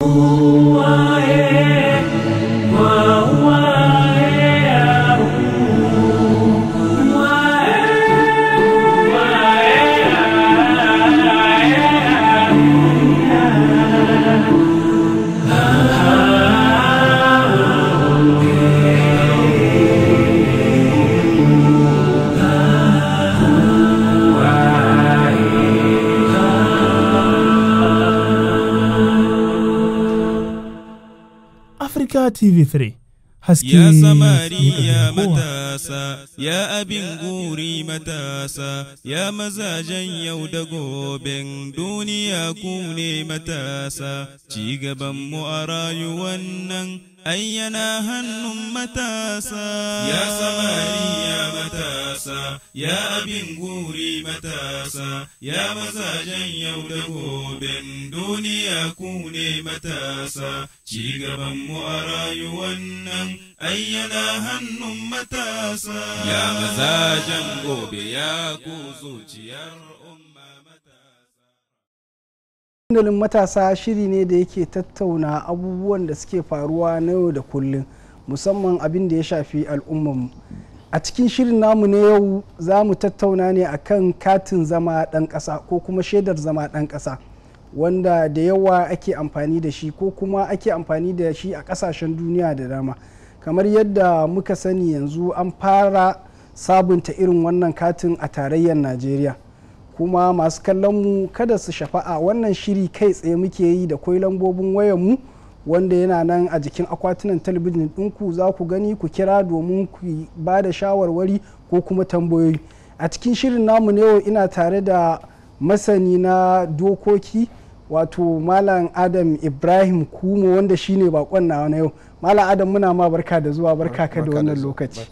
Oh. haske ya samariya matasa ya abin guri matasa ya mazajen yau da gobe duniya ne matasa ci gaban mu a rayuwan ayyana hannun matasa ya samariya matasa ya abin guri matasa ya mazajen yau da goben duniya ku ne matasa ci gaban mu a rayuwan nan ayyana hannun matasa ya mazajen gobe ya ku zuciyar dandalin matasa shiri ne da yake tattauna abubuwan da suke faruwa na yau da kullum musamman abin da ya shafi al'ummarmu a cikin shirin namu na yau za mu tattauna ne akan katin zama ɗan ƙasa ko kuma shaidar zama ɗan ƙasa wanda da yawa ake amfani da shi ko kuma ake amfani da shi a ƙasashen duniya da dama kamar yadda muka sani yanzu an fara sabunta irin wannan katin a tarayyar najeriya kuma masu kallon mu kada su shafa'a wannan shiri kai tsaye muke yi da kwai lambobin wayan mu wanda yana nan a jikin akwatunan talabijin ɗinku za ku gani ku kira domin ku ba da shawarwari ko kuma tambayoyi a cikin shirin namu ne yau ina tare da masani na dokoki wato malam adam ibrahim kumo wanda shine bakon na yau malam adam muna ma barka da zuwa barka ka da wannan lokaci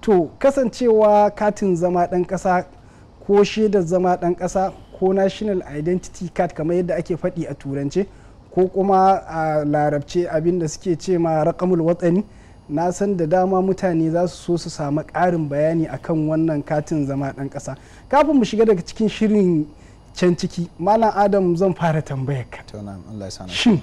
to kasancewa katin zama ɗan ƙasa ko shaidar zama ɗan ƙasa ko national identity card kamar yadda ake faɗi a turance ko kuma a larabce abin da suke ce ma raƙamul watsani na san da dama mutane za su so su samu ƙarin bayani akan wannan katin zama ɗan ƙasa kafin mu shiga daga cikin shirin can ciki malam adam zan fara tambayar ka shin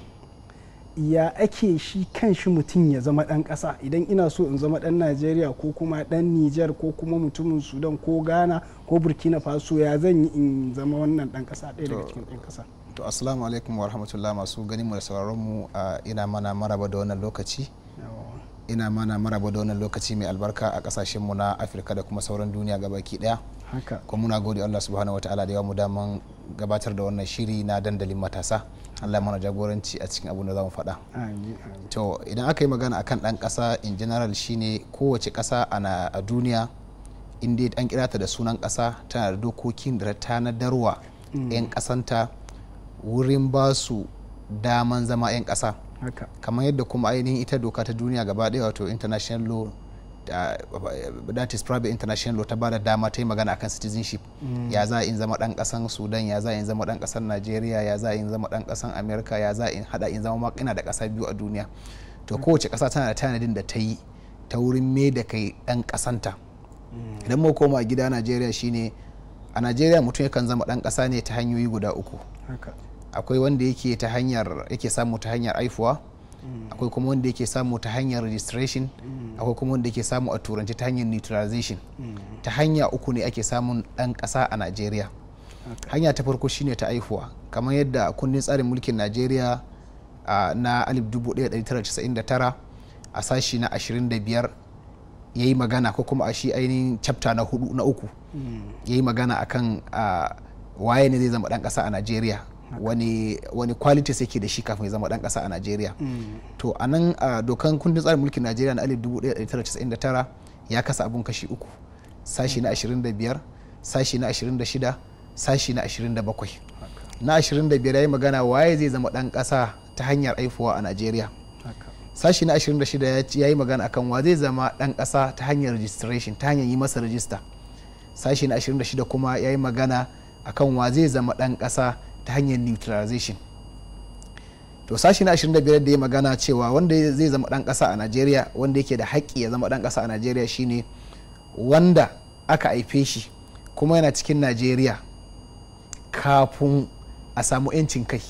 ya ake shi kan shi mutum ya zama ɗan ƙasa idan ina so in zama ɗan najeriya ko kuma ɗan nijar ko kuma mutumin sudan ko ghana ko burkina faso ya zan yi in zama wannan ɗan ƙasa ɗaya daga cikin ɗan ƙasa to assalamu alaikum wa rahmatullah masu ganin mu da sauraron mu ina mana maraba da wannan lokaci ina mana maraba da wannan lokaci mai albarka a kasashen mu na afirka da kuma sauran duniya gabaki daya haka kuma muna gode Allah subhanahu wataala da ya mu daman gabatar da wannan shiri na dandalin matasa Allah mana jagoranci a cikin abin da za mu faɗa. To idan aka yi magana akan ɗan ƙasa in general shine kowace ƙasa ana a duniya in dai an kira ta da sunan ƙasa tana da dokokin da ta nadarwa mm. 'yan ƙasanta wurin ba su daman zama 'yan ƙasa. Kamar yadda kuma ainihin ita doka ta duniya gaba ɗaya wato international law Uh, that is probably international law ta bada dama ta yi magana akan citizenship mm. ya za in zama dan kasan sudan ya za in zama dan kasan nigeria ya za in zama dan kasan america ya za in hada in zama ina da kasa biyu a duniya to mm. kowace kasa tana da tanadin da ta yi ta wurin me da kai dan kasanta mm. idan mu koma gida nigeria shine a nigeria mutum yakan zama dan kasa ne ta hanyoyi guda uku akwai wanda yake ta hanyar yake samu ta hanyar aifuwa akwai kuma wanda yake samu ta hanyar registration mm. akwai kuma wanda yake samu a turanci ta hanyar neutralization mm. ta hanya uku ne ake samun dan kasa a najeriya hanya ta farko shine ta aihuwa kamar yadda kundin tsarin mulkin najeriya na 1999 a sashi na 25 ya yi magana ko kuma a shi ainihin chapta na hudu na uku mm. ya yi magana akan waye ne zai zama dan kasa a najeriya wani wani qualities yake da shi kafin ya zama dan kasa a Najeriya mm. to anan dokan kundin tsarin mulkin Najeriya na 1999 ya kasa abun kashi uku sashi na 25 mm. sashi na 26 sashi na 27 na 25 yayi magana waye zai zama dan kasa ta hanyar aifuwa a Najeriya sashi na 26 ya yi magana akan wa zai zama dan kasa ta hanyar registration ta hanyar yi masa rajista sashi na 26 kuma ya yi magana akan wa zai zama dan kasa ta hanyar neutralization to sashi na 25 da ya magana cewa wanda zai zama dan kasa a najeriya wanda yake da haƙƙi ya zama dan kasa a najeriya shine wanda aka haife shi kuma yana cikin najeriya kafin a samu 'yancin kai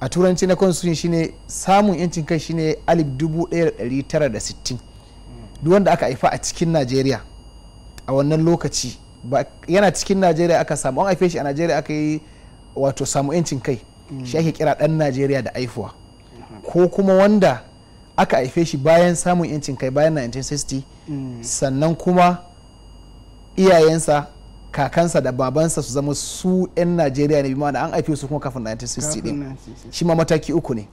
a turanci na shi shine samun 'yancin kai shine 1960 duk wanda aka haifa a cikin najeriya a wannan lokaci yana cikin najeriya aka samu an haife shi a najeriya aka yi wato samu 'yancin kai shi ake kira dan najeriya da aifuwa ko kuma wanda aka haife shi bayan samun 'yancin kai bayan 1960 sannan kuma iyayensa kakansa da babansa su zama su 'yan najeriya ne bima da an haife su kuma kafin 1960 din shi ma mataki uku ne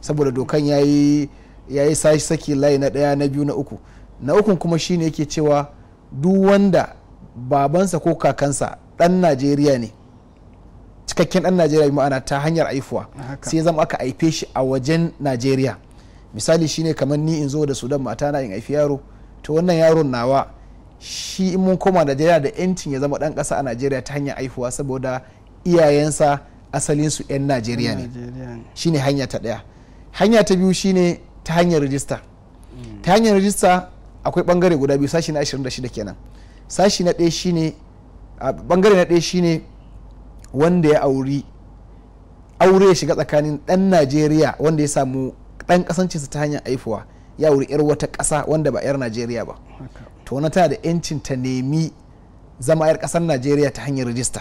saboda dokan ya yi sashi saki layi na ɗaya na biyu na uku na ukun kuma shine yake cewa duk wanda babansa ko kakansa dan najeriya ne cikakken dan najeriya ma'ana ta hanyar aifuwa sai zama aka aife shi a wajen najeriya misali shine kamar ni in zo da sudan mata na in aifi yaro to wannan yaron nawa shi in mun koma najeriya da yancin ya zama dan kasa a najeriya ta hanyar aifuwa saboda iyayensa asalinsu 'yan najeriya ne shine hanya ta daya hanya ta biyu shine ta hanyar rijista mm. ta hanyar rijista akwai bangare guda biyu sashi na 26 kenan sashi na ɗaya shine bangare na ɗaya shine wanda ya auri aure ya shiga tsakanin ɗan najeriya wanda ya samu ɗan kasancinsa ta hanyar aifuwa ya auri 'yar wata ƙasa wanda ba 'yar najeriya ba to wani tana da 'yancin ta nemi zama 'yar ƙasar najeriya ta hanyar rijista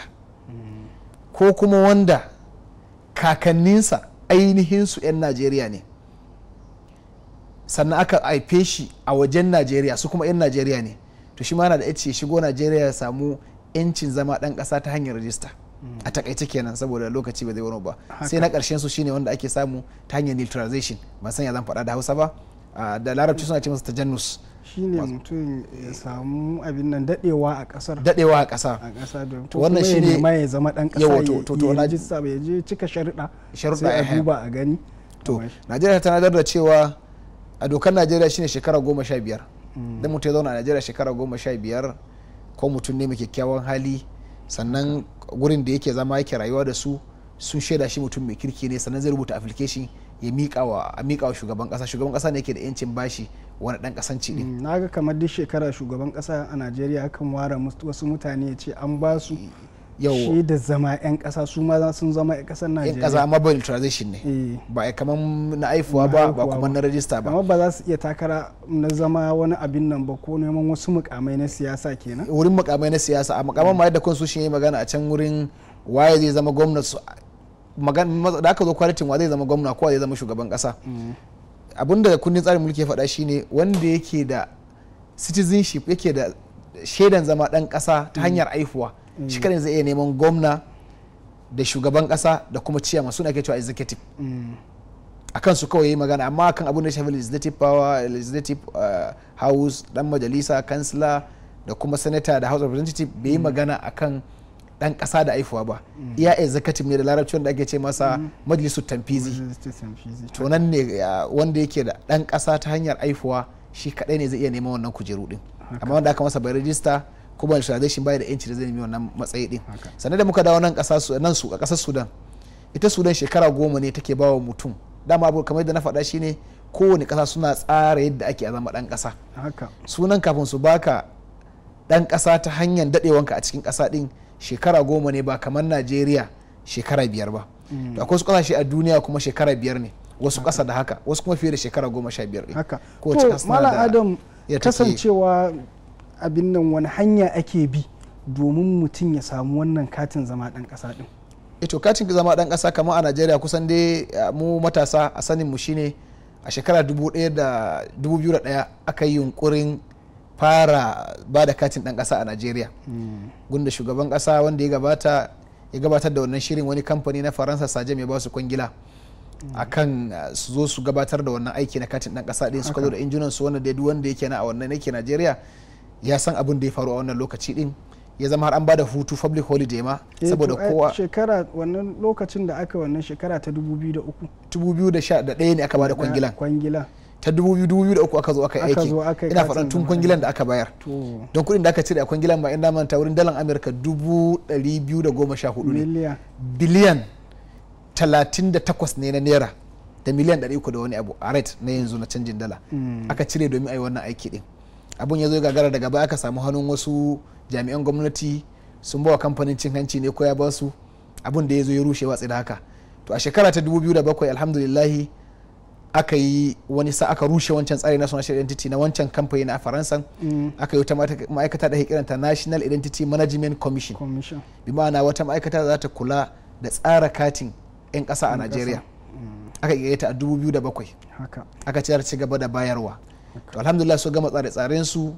mm. ko kuma wanda kakanninsa ainihin su 'yan najeriya ne sannan aka haife shi a wajen najeriya su kuma 'yan najeriya ne to shi ma na da ya shigo najeriya ya samu 'yancin zama ɗan ƙasa ta hanyar rijista a takaice kenan saboda lokaci ba zai wani ba sai na karshen su shine wanda ake samu ta hanyar neutralization ban san ya zan faɗa da hausa ba da larabci suna ce masa tajannus shine mutum ya samu abin nan dadewa a kasar dadewa a kasa a kasa don wannan shine mai ya zama dan kasa yawa to to rajista bai je cika sharuɗa sharuɗa a eh, eh. duba a gani to Najeriya ta nadar da cewa a dokar Najeriya shine shekara goma sha biyar mm. dan mutum ya zauna a Najeriya shekara goma sha biyar ko mutum ne mai kyakkyawan hali sannan gurin da yake zama yake rayuwa da su sun shaida shi mutum mai kirki ne sannan zai rubuta application ya mika wa shugaban kasa shugaban kasa ne yake da yancin bashi wani dan kasanci ne mm, naga kamar duk shekara shugaban kasa a Najeriya akan ware wasu mutane ya ce an ba su eh. shi da zama 'yan kasa su ma sun zama 'yan kasar najeriya 'yan kasa mobile transition ne eh. ba a kamar na aifuwa ba ba kuma na rajista ba amma ba za su iya takara na zama wani abin nan ba ko neman wasu mukamai na siyasa kenan wurin mukamai na siyasa a mukamai ma yadda kansu shi magana a can wurin waye zai zama gwamna su magana da aka zo kwalitin wa zai zama gwamna ko zai zama shugaban kasa mm. abinda kundin tsarin mulki ya faɗa shine wanda yake da citizenship yake da shaidan zama ɗan kasa ta mm. hanyar aifuwa shi kadai zai iya neman gwamna da shugaban kasa da kuma ciyama suna ke cewa executive mm. a kansu kawai ya yi magana amma kan abin da shafi legislative power legislative uh, house dan majalisa kansila da kuma senator da house of representative bai yi mm. magana a kan dan kasa da aifuwa ba mm. iya executive ne da larabci wanda ake ce masa majalisu tamfizi to nan ne uh, wanda yake da dan kasa ta hanyar aifuwa shi kadai ne zai iya neman wannan kujeru din amma wanda aka masa bai rajista kuma shi shi bai da yanci da zai nemi wannan matsayi din sannan da muka dawo nan kasar nan su a kasar Sudan ita Sudan shekara goma ne take bawa mutum dama abu kamar yadda na faɗa shi ne kowane kasa suna tsara yadda ake a zama ɗan ƙasa sunan kafin su baka ɗan ƙasa ta hanyar daɗewanka a cikin ƙasa ɗin shekara goma ne ba kamar najeriya shekara biyar ba to mm. akwai su ƙasashe a duniya kuma shekara biyar ne wasu ƙasa da haka wasu kuma fiye da shekara goma sha biyar ne haka to malam adam kasancewa abin nan wani hanya ake bi domin mutum ya samu wannan katin zama ɗan ƙasa ɗin ito eh katin zama dan kasa kamar a najeriya kusan dai mu matasa a sanin mu shine a shekara 2001 aka yi yunkurin fara ba da katin dan kasa a najeriya hmm. gunda shugaban kasa wanda ya gabata ya gabatar da wannan shirin wani kamfani na faransa sajem ya ba su kwangila hmm. akan su zo su gabatar da wannan aiki na katin ɗan ƙasa ɗin su zo da injunan su wanda dai wanda yake na a wannan yake najeriya ya san abin da ya faru a wannan lokaci din ya zama har an bada hutu public holiday ma eh, saboda eh, kowa shekara wannan lokacin da aka wannan shekara ta 2003 2011 ne aka bada eh, kwangilan kwangilan ta 2003 aka zo aka yi aikin ina faɗan tun kwangilan da aka bayar don kuɗin da aka cire a kwangilan ba in da manta wurin dalan amurka 214 ne biliyan 38 ne na naira da miliyan 300 da wani abu a na yanzu na canjin dala hmm. aka cire domin a yi wannan aiki din abun ya zo gagara daga baya aka samu hannun wasu jami'an gwamnati sun bawa kamfanin cin hanci ne ko ya ba su abun da ya zo ya rushe watsi da haka to a shekara ta 2007 alhamdulillahi aka yi wani sa aka rushe wancan tsari na national identity na wancan kamfani na faransa mm. aka yi wata ma'aikata da kiranta national identity management commission, bi ma'ana wata ma'aikata za ta kula da tsara katin 'yan kasa a nigeria mm. aka iya ta a 2007 aka ce ci gaba da bayarwa to alhamdulillah su gama tsare-tsaren su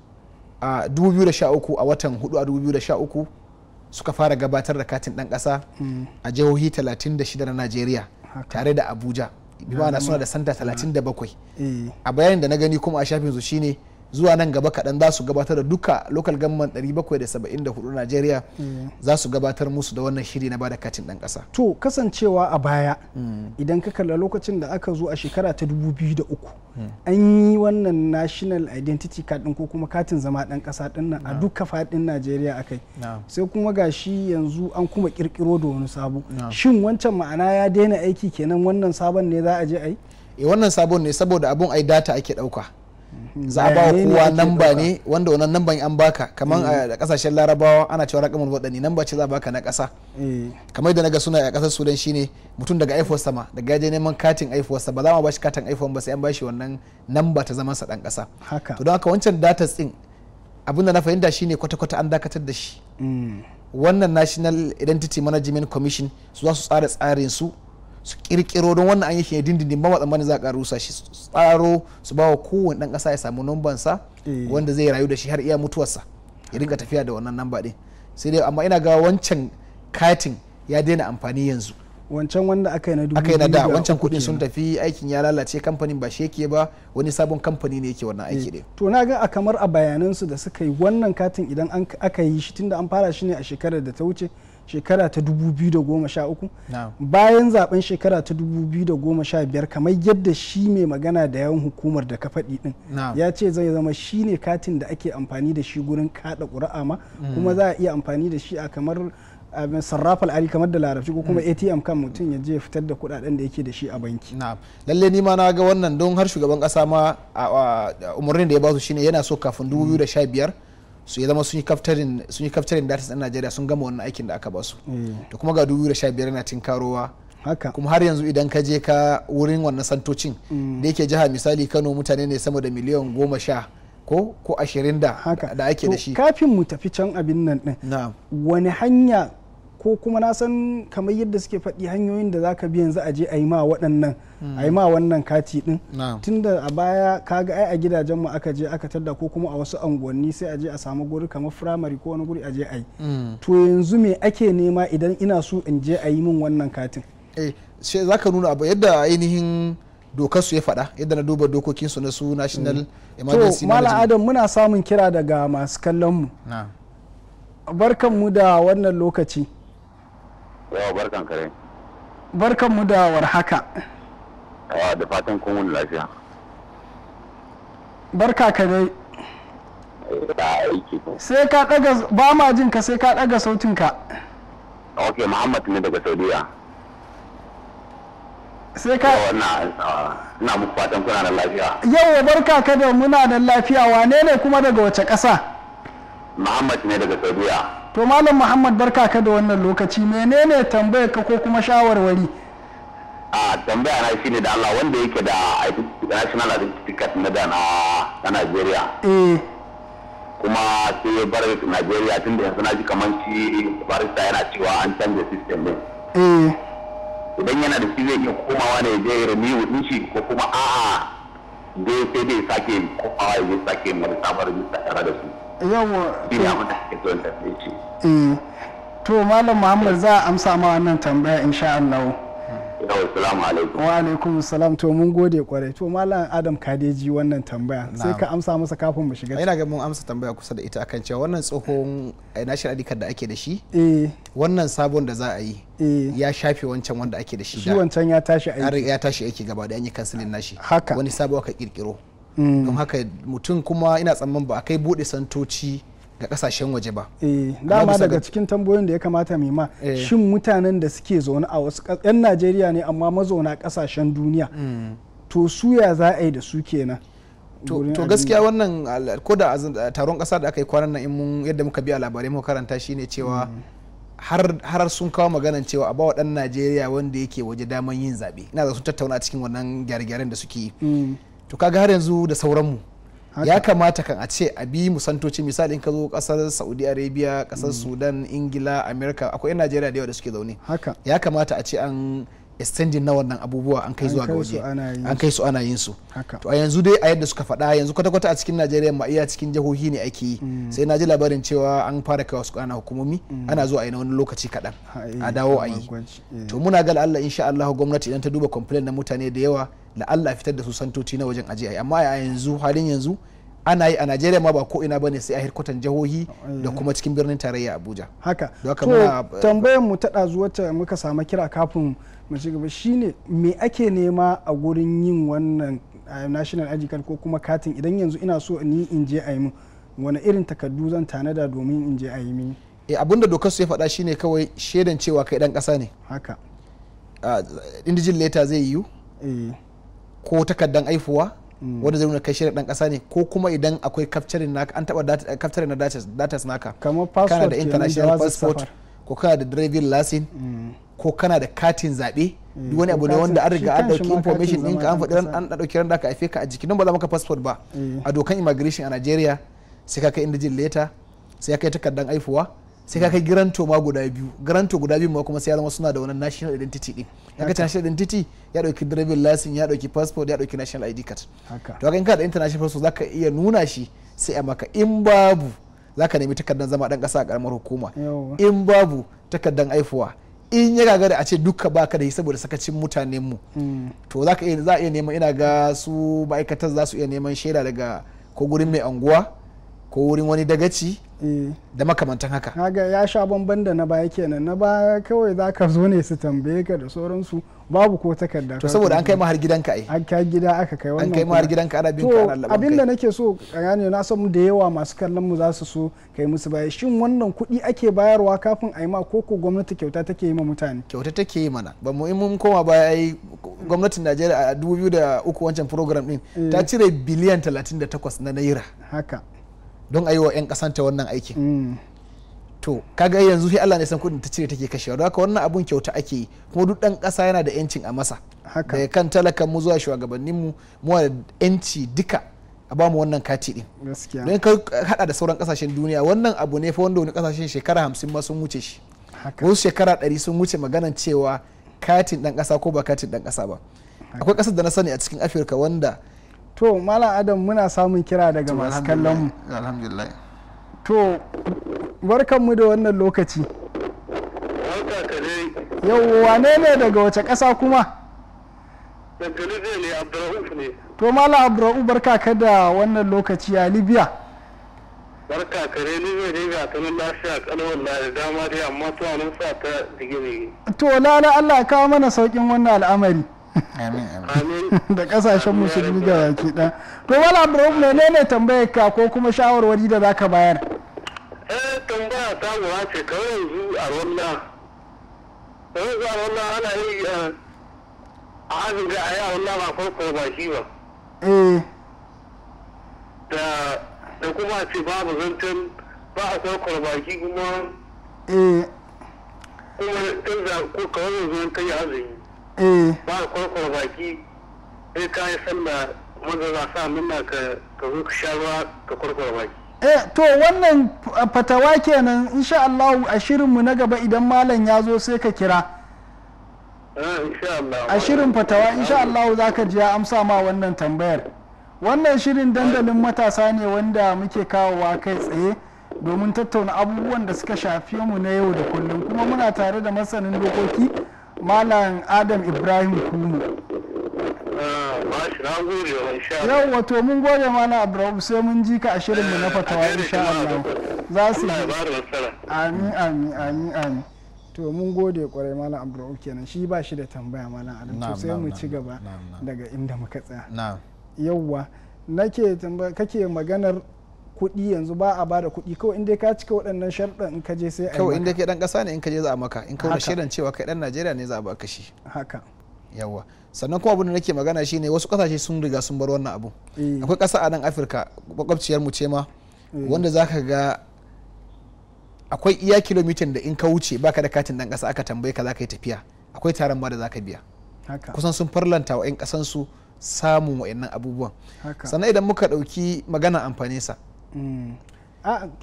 a 2013 a watan 4 a 2013 suka fara gabatar da katin dan kasa a jihohi 36 na Najeriya tare da Abuja bi ma'ana suna da santa 37 eh. a bayanin da na gani kuma a shafin su shine zuwa nan gaba kaɗan za su gabatar da duka local government 774 Najeriya mm. za su gabatar musu da wannan shiri na bada katin ɗan ƙasa. To kasancewa a baya mm. idan ka kalla lokacin da aka zo a shekara ta 2003 mm. an yi wannan national identity card ko kuma katin zama ɗan ƙasa ɗin nan a duka faɗin Najeriya akai. Sai kuma gashi yanzu an kuma ƙirƙiro da wani sabo. Shin wancan ma'ana ya daina aiki kenan wannan sabon ne za a je a yi? Eh, wannan sabon ne saboda abun ai data ake ɗauka. za a ba kowa namba ne wanda wannan namban an baka kamar a kasashen mm. larabawa ana cewa rakamar waɗanne namba ce za baka na ƙasa eh. kamar da naga suna a ƙasar sudan shine mutum daga aifuwarsa sama daga yaje neman katin aifuwarsa ba za ma bashi katin aifuwan ba sai an bashi wannan namba ta zaman sa dan ƙasa to don haka wancan data din abin da na fahimta shine kwata-kwata an dakatar da shi mm. wannan national identity management commission su za su tsara tsarin su su kirkiro don wannan an yi shi dindindin ba matsammanin za a rusa shi tsaro su ba wa kowane dan kasa ya samu numbansa eh. wanda zai rayu da shi har iya mutuwarsa ya dinga tafiya da wannan namba ɗin sai dai amma ina ga wancan katin ya daina amfani yanzu wancan wanda aka yi na dubu aka yi na da wancan kudin sun tafi aikin ya lalace kamfanin ba shi yake ba wani sabon kamfani ne yake wannan aiki din eh. to na ga a kamar a bayanan su da suka yi wannan katin idan aka yi shi tunda an fara shi ne a shekarar da ta wuce shekara ta 2013 bayan zaben shekara ta 2015 kamar yadda shi mai magana da yawan hukumar da ka faɗi din ya ce zai zama shi ne katin da ake amfani da shi gurin kada ƙura'a ma mm. kuma za a iya amfani da shi a kamar sarrafa al'ari kamar da larabci ko kuma atm mm. kan mutum ya je fitar da kuɗaɗen da yake da shi a banki lalle ni ma na ga wannan don har shugaban kasa ma umarnin da ya ba su shine yana so kafin 2015 su ya zama sun yi kaftarin sun yi data Najeriya sun gama wannan aikin da aka ba su eh. da kuma ga 2015 na tinkarowa haka kuma har yanzu idan ka je ka wurin wannan santocin mm. da yake jiha misali Kano mutane ne sama da miliyan goma sha ko ko ashirin da da ake da shi kafin mu tafi can abin nan din wani hanya ko kuma na san kamar yadda suke faɗi hanyoyin da zaka bi yanzu a je a yi ma waɗannan hmm. a yi ma wannan kati ɗin tunda a baya kaga ai a gidajen mu aka je aka tadda ko kuma a wasu unguwanni sai a je a samu guri kamar firamare ko wani guri a je a yi hmm. to yanzu me ake nema idan ina so in je a yi min wannan katin eh sai zaka nuna abu yadda ainihin dokar su ya faɗa yadda na duba dokokin su na su national hmm. emergency to mala adam muna samun kira daga masu kallon mu barkan mu da wannan lokaci yawa barkan kare barkan mu da warhaka yawa da fatan kun wuni lafiya barka ka dai eh, sai ka daga ba ma jin ka sai ka daga sautin ka ok muhammad ne daga saudiya sai ka na muku fatan kuna da lafiya yawa barka ka da muna da lafiya wane ne kuma daga wace ƙasa muhammad ne daga saudiya to malam muhammad barka ka da wannan lokaci menene tambayar ka ko kuma shawarwari a tambaya na shine da Allah wanda yake da national identity card na da na Nigeria eh kuma sai ya bar Nigeria tun da yanzu na ji kamar shi barista yana cewa an canza system din eh idan yana da shi zai iya komawa ne zai yi rami wa shi ko kuma a'a dai sai dai sake komawa ya sake mu da sabar da su yawa eh, to malam muhammad za a amsa ma wannan tambaya insha Allah wa alaikum salam to mun gode kwarai to malam adam kadeji wannan tambaya sai ka amsa masa kafin mu shiga ina ga mun amsa tambaya kusa da ita akan cewa wannan tsohon eh, national ID da ake da shi eh. wannan sabon da za a yi ya shafe wancan wanda ake da shi shi wancan ya tashi aiki ya tashi aiki gaba da an yi kansilin nashi haka wani sabo aka kirkiro Mm. don haka mutum kuma ina tsamman ba a kai bude santoci ga kasashen waje ba. Eh, dama daga cikin tambayoyin da ya kamata mai ma eh. shin mutanen da suke zaune a wasu 'yan Najeriya ne amma mazauna kasashen duniya mm. to suya za a yi da su kenan. to gaskiya wannan ko da taron kasa da aka yi kwanan nan mun yadda muka biya labarai muka karanta shine cewa mm. har sun kawo maganan cewa a bawa dan Najeriya wanda yake waje daman yin zaɓe ina da sun tattauna cikin wannan gyare-gyaren da suke yi. to kaga har yanzu da sauranmu ya kamata kan a ce a bi mu misali in ka zo kasar saudi arabia kasar mm. sudan ingila america akwai yan najeriya da yawa da suke zaune ya kamata a ce an extending na wannan abubuwa an kai zuwa ga an kai su ana yin su to a yanzu dai a yadda suka faɗa yanzu kwata-kwata a cikin najeriya ma iya cikin jihohi ne ake yi mm. sai na ji labarin cewa an fara kai wasu kana hukumomi mm. ana zuwa a wani lokaci kaɗan eh, a dawo a yi eh. to muna ga Allah insha Allah gwamnati idan ta duba complaint na mutane da yawa na Allah fitar da su santoci na wajen ajiye amma a yanzu halin yanzu ana yi a najeriya ma ba ko ina bane sai a hirkutan jihohi da eh. kuma cikin birnin tarayya abuja haka to tambayar mu ta ɗazu muka samu kira kafin mu shiga gaba shine me ake nema a gurin yin wannan national id ko kuma katin idan yanzu ina so ni in je a min wani irin takardu zan tanada domin in je a yi mini eh, abinda dokar su ya faɗa shine kawai shaidan cewa kai dan kasa ne haka ah, indijin leta zai yiwu eh. ko takardar aifuwa mm. wanda zai nuna kai shirin dan kasa ne ko kuma idan akwai kafcarin naka an taba kafcarin na datas naka kana da international passport ko kana da driving license mm. ko kana da katin zaɓe mm. duk wani abu ne wanda an riga an dauki information ka an faɗi an ɗauki ran da aka haife ka a jiki don ba za maka passport ba a dokan immigration a nigeria sai ka kai indijin letter sai ka kai takardar aifuwa sai ka kai giranto ma guda biyu giranto guda biyu ma kuma sai zama suna da wani national identity din ya national identity ya dauki driver license ya dauki passport ya dauki national id card to haka in ka da international passport zaka iya nuna shi sai a maka in babu zaka nemi takardar zama dan kasa a karamar hukuma in babu takardar aifuwa in ya gagara a ce duka ba ka da shi saboda sakacin mutanen mu hmm. to zaka iya za iya neman ina ga su ma'aikatar za su iya neman shaida daga ko gurin mai anguwa ko wurin wani dagaci eh. da makamantan haka haga ya sha bamban da na baya kenan na baya kawai za ka zo ne su tambaye ka da sauransu babu ko takarda to saboda an kai har gidanka ai an kai gida aka kai wannan an kai har gidanka ana bin ka ana abin da nake so gane na san da yawa masu kallon mu za su so kai musu baya shin wannan kuɗi ake bayarwa kafin a yi ma ko gwamnati kyauta take yi ma mutane kyauta take yi mana ba mu in mun koma baya ai gwamnatin Najeriya a 2003 wancan program din ta eh. cire biliyan 38 na naira haka don a yi wa 'yan kasanta wannan aikin mm. to kaga yanzu sai Allah ne san kudin ta cire take kashewa don haka wannan abun kyauta ake yi kuma duk dan kasa yana da yancin a masa daga kan talakan mu zuwa shugabannin mu mu da yanci duka a bamu wannan kati din don ka hada da sauran kasashen duniya wannan abu ne fa wanda wani kasashen shekara hamsin ma sun wuce shi wasu shekara ɗari sun wuce maganan cewa katin dan kasa ko ba katin dan kasa ba akwai kasar da na sani a cikin afirka wanda to mala adam muna samun kira daga masu kallon mu to to barkanmu da wannan lokaci yau wane ne daga wace ƙasa kuma to mala abdurra'u barka ka da wannan lokaci a libya barka kare zai dai ga kanin lafiya kalwar da dama dai amma to nan sa ta digiri to lala allah kawo mana saukin wannan al'amari da kasashen musulmi da baki da to wala abu ne, ne tambayar ka ko kuma shawarwari da zaka bayar eh tambaya ta gaba ce kawai yanzu a wanda yanzu a wanda ana yi eh, a hajji da a yi a wanda ba farko ba shi ba eh da kuma ce babu zancen ba a farko ba shi kuma eh kuma tun da kawai yanzu ta yi azumi Eh. ba a kwakwar baki sai ka sallah maza za sa nuna ka zo ka sha ka kwakwar baki eh to wannan fatawa kenan insha Allah a shirinmu na gaba idan malam ya zo sai ka kira ah, a shirin fatawa insha Allah za ka ji ya amsa ma wannan tambayar wannan shirin dandalin matasa ne wanda muke kawowa kai tsaye domin tattauna abubuwan da suka shafi mu na yau da kullum kuma muna tare da masanin dokoki malam adam ibrahim kunu yau wato mun gode malam abdurrahman sai mun ji ka ashirin shirinmu na eh, fatawa insha Allah za su ji amin amin amin amin to mun gode kwarai malam abdurrahman kenan shi ba shi da tambaya malam adam to sai mu ci gaba daga inda muka tsaya yauwa nake kake maganar kuɗi yanzu ba a bada kuɗi kawai in dai ka cika waɗannan sharɗin in ka je sai a kawai in dai kai dan ƙasa ne in ka je za a maka in kawai shaidan cewa kai dan Najeriya ne za a baka shi haka yawa sannan kuma abin da nake magana shine wasu kasashe sun riga sun bar wannan abu eh. akwai ƙasa a nan Afirka makwabciyar mu ce ma eh. wanda zaka ga akwai iya kilomitan da in ka wuce baka da katin dan ƙasa aka tambaye ka ka yi tafiya akwai taron ma da zaka biya kusan sun farlanta wa 'yan ƙasansu samun wa'annan abubuwan sannan idan muka dauki magana amfaninsa sa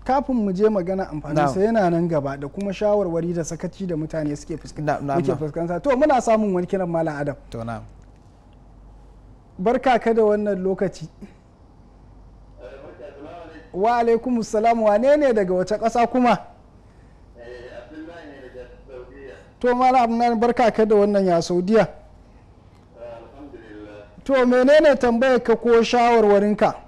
kafin mu je magana amfani sa yana nan gaba da kuma shawarwari da sakaci da mutane suke fuskanta to muna samun wani kiran malam adam to na barka ka da wannan lokaci wa alaikum salam wane ne daga wace ƙasa kuma to malam abdullahi barka ka da wannan ya saudiya to menene tambayar ka ko shawarwarinka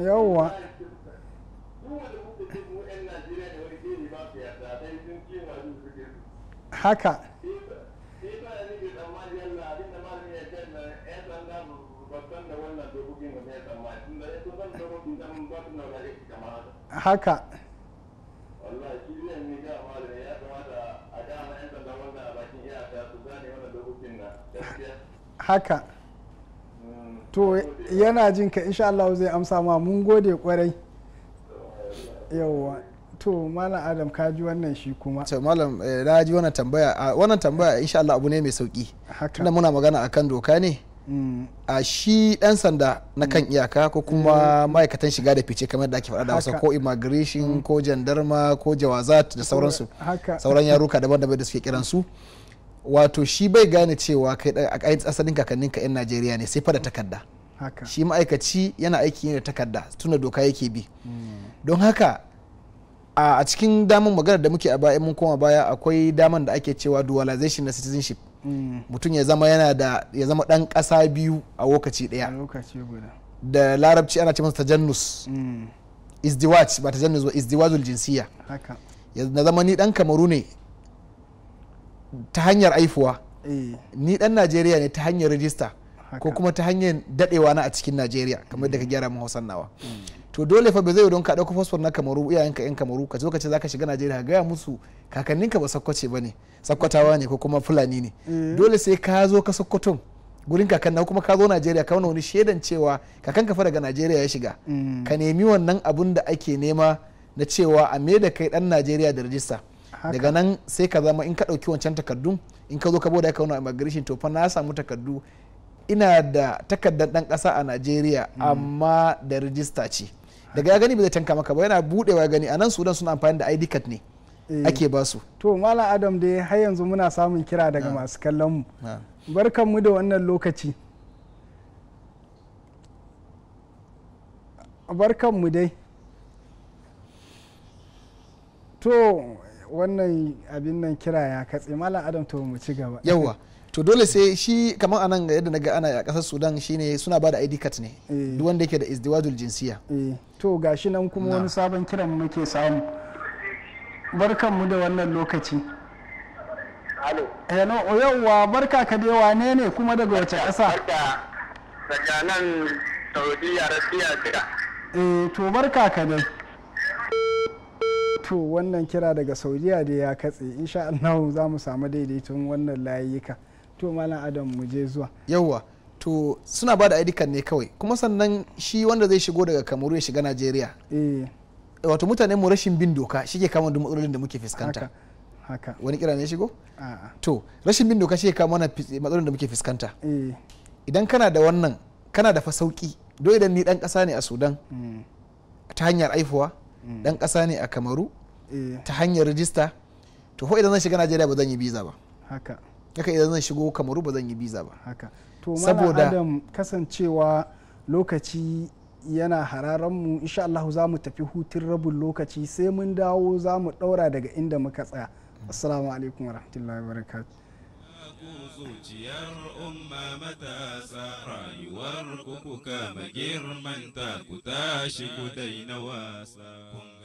yawwa haka haka haka to yana jin ka insha Allah zai amsa ma mun gode kwarai yawa to malam adam ka ji wannan shi kuma to malam eh, na ji wannan tambaya wannan tambaya insha Allah abu ne mai sauki tunda muna magana akan doka ne mm. a shi dan sanda na kan mm. iyaka ko kuma mm. ma'aikatan shiga da fice kamar da ake faɗa da wasu ko immigration ko jandarma ko jawazat da sauransu sauran yaruka daban-daban da suke kiransu su wato shi bai gane cewa kai asalin ka 'yan najeriya ne sai fa da takarda shi ma'aikaci yana aiki ne da takarda tuna doka yake bi hmm. don haka a cikin damar magana da muke a baya mun koma baya akwai damar da ake cewa dualization na citizenship hmm. mutum ya zama yana da ya zama dan kasa biyu a lokaci daya da larabci ana ce masa tajannus hmm. watch ba tajannus ba izdiwajul jinsiya na zama ni dan kamaru ne ta hanyar aifuwa eh. ni dan najeriya ne ta hanyar rajista ko kuma ta hanyar dadewa na a cikin najeriya kamar da ka mm. gyara mu hausan nawa mm. to dole fa ba zai don ka dauko fasfor na kamaru iyayen ka yan kamaru ka zo ka ce zaka shiga najeriya ka gaya musu kakannin ka ba sakkwace bane sakkwatawa ne ko kuma fulani ne eh. dole sai ka zo ka sakkwaton gurin kakan kuma ka zo najeriya ka wani shaidan cewa kakan ka fa daga najeriya ya shiga mm. ka nemi wannan abun da ake nema na cewa a me da kai dan najeriya da rajista daga nan sai ka zama in ka ɗauki wancan takardun in ka zo ka bude ka wani immigration to fa na samu takardu ina da takardar ɗan ƙasa a nigeria hmm. amma da rijista ce daga ya gani ba zai tanka maka ba yana budewa gani a nan sudan suna amfani da id card ne eh. ake ba su to malam adam dai har yanzu muna samun kira daga ah. masu kallon mu ah. barkan mu da wannan lokaci barkan mu dai to wannan abin nan kira ya katse malam adam to mu ci gaba yawa to dole sai shi kamar anan yadda na ga ana a kasar sudan shine suna ba da id card ne eh. duk wanda yake da izdiwajul jinsiya eh. to gashi nan kuma wani sabon kiran muke samu barkan mu da wannan lokaci hello yawa barka ka da wane ne kuma daga wace ƙasa daga nan saudiya rasiya eh to barka ka dai to wannan kira daga saudiya da ya katse insha Allah za mu samu daidaiton wannan layika to malam adam mu je zuwa yawwa to suna ba da aidikan ne kawai kuma sannan shi wanda zai shigo daga kamaru ya shiga najeriya eh. wato mutane mu rashin bin doka shi ke kama duk matsalolin da muke fuskanta haka wani kira ne shigo to rashin bin doka shi ke kama matsalolin da muke fuskanta eh. idan kana da wannan kana da fasauki dole idan ni dan kasa ne a sudan hmm. ta hanyar aifuwa dan hmm. kasa ne a kamaru Eh. ta hanyar rijista to ko idan zan shiga najeriya ba zan yi biza ba haka haka idan zan shigo kamaru ba zan yi biza ba haka to saboda adam kasancewa lokaci yana hararan mu insha Allah za mu tafi hutun rabin lokaci sai mun dawo za mu daura daga inda muka tsaya assalamu alaikum warahmatullahi wabarakatuh zuciyar umma matasa rayuwar kuka magirmanta ku tashi ku daina wasa